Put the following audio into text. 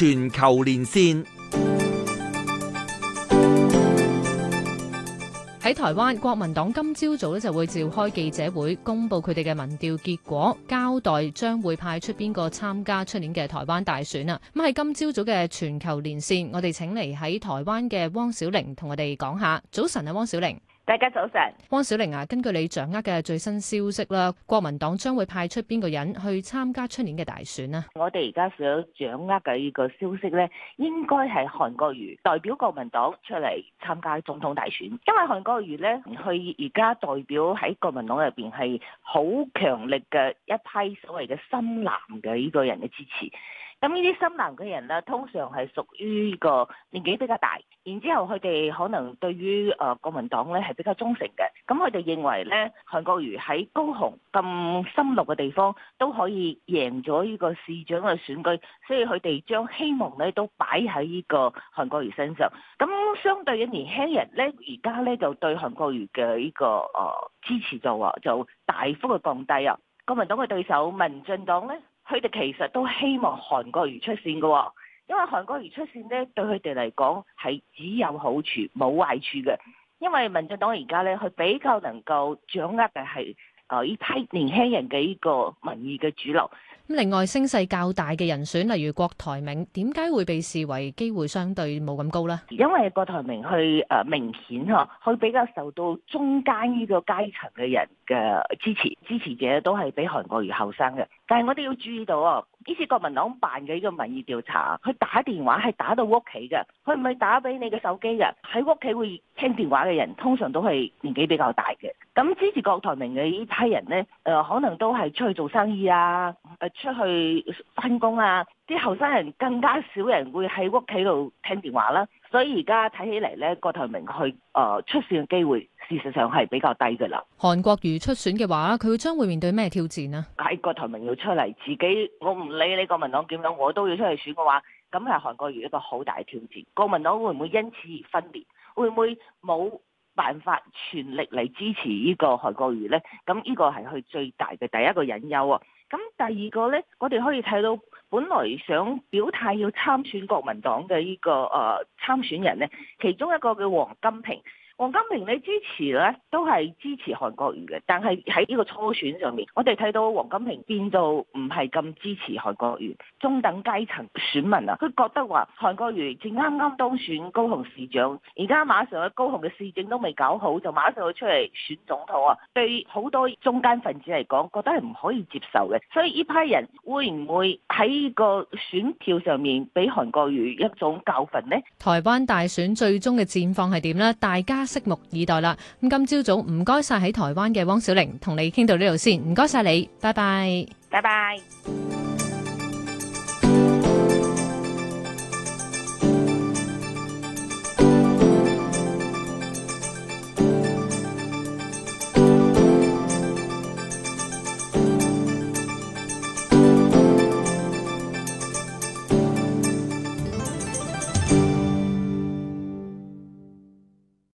全球連線喺台灣，國民黨今朝早咧就會召開記者會，公布佢哋嘅民調結果，交代將會派出邊個參加出年嘅台灣大選啊！咁喺今朝早嘅全球連線，我哋請嚟喺台灣嘅汪小玲同我哋講下。早晨啊，汪小玲。大家早晨，汪小玲啊，根據你掌握嘅最新消息啦，國民黨將會派出邊個人去參加出年嘅大選啊，我哋而家所掌握嘅呢個消息咧，應該係韓國瑜代表國民黨出嚟參加總統大選，因為韓國瑜咧，佢而家代表喺國民黨入邊係好強力嘅一批所謂嘅深藍嘅呢個人嘅支持。咁呢啲深藍嘅人呢，通常係屬於呢個年紀比較大，然之後佢哋可能對於誒、呃、國民黨呢係比較忠誠嘅。咁佢哋認為呢韓國瑜喺高雄咁深綠嘅地方都可以贏咗呢個市長嘅選舉，所以佢哋將希望呢都擺喺呢個韓國瑜身上。咁相對嘅年輕人呢，而家呢就對韓國瑜嘅呢、這個誒、呃、支持就就大幅嘅降低啊！國民黨嘅對手民進黨呢。佢哋其實都希望韓國瑜出線嘅，哦，因為韓國瑜出線呢對佢哋嚟講係只有好處冇壞處嘅，因為民進黨而家呢，佢比較能夠掌握嘅係啊呢批年輕人嘅呢個民意嘅主流。咁另外聲勢較大嘅人選，例如郭台銘，點解會被視為機會相對冇咁高呢？因為郭台銘去誒，明顯嗬，佢比較受到中間呢個階層嘅人嘅支持，支持者都係比韓國瑜後生嘅。但係我哋要注意到啊，呢次國民黨辦嘅呢個民意調查，佢打電話係打到屋企嘅，佢唔係打俾你嘅手機嘅，喺屋企會聽電話嘅人，通常都係年紀比較大嘅。咁支持郭台銘嘅呢批人呢，誒、呃、可能都係出去做生意啊，出去翻工啊！啲後生人更加少人會喺屋企度聽電話啦，啊，所以而家睇起嚟咧，郭台銘去、呃、出選嘅機會，事實上係比較低㗎啦。韓國瑜出選嘅話，佢將會面對咩挑戰呢，啊？如郭台銘要出嚟，自己我唔理你國民黨點樣，我都要出去選嘅話，咁係韓國瑜一個好大嘅挑戰。國民黨會唔會因此而分裂？會唔會冇辦法全力嚟支持呢個韓國瑜呢？咁呢個係佢最大嘅第一個隱憂啊！咁第二個呢，我哋可以睇到，本來想表態要參選國民黨嘅呢、這個誒、呃、參選人呢，其中一個叫王金平。王金平你支持咧，都係支持韓國瑜嘅。但係喺呢個初選上面，我哋睇到王金平變到唔係咁支持韓國瑜。中等階層選民啊，佢覺得話韓國瑜正啱啱當選高雄市長，而家馬上去高雄嘅市政都未搞好，就馬上去出嚟選總統啊！對好多中間分子嚟講，覺得係唔可以接受嘅。所以呢批人會唔會喺個選票上面俾韓國瑜一種教訓呢？台灣大選最終嘅戰況係點呢？大家，拭目以待啦！咁今朝早唔該晒喺台灣嘅汪小玲同你傾到呢度先，唔該晒你，拜拜，拜拜。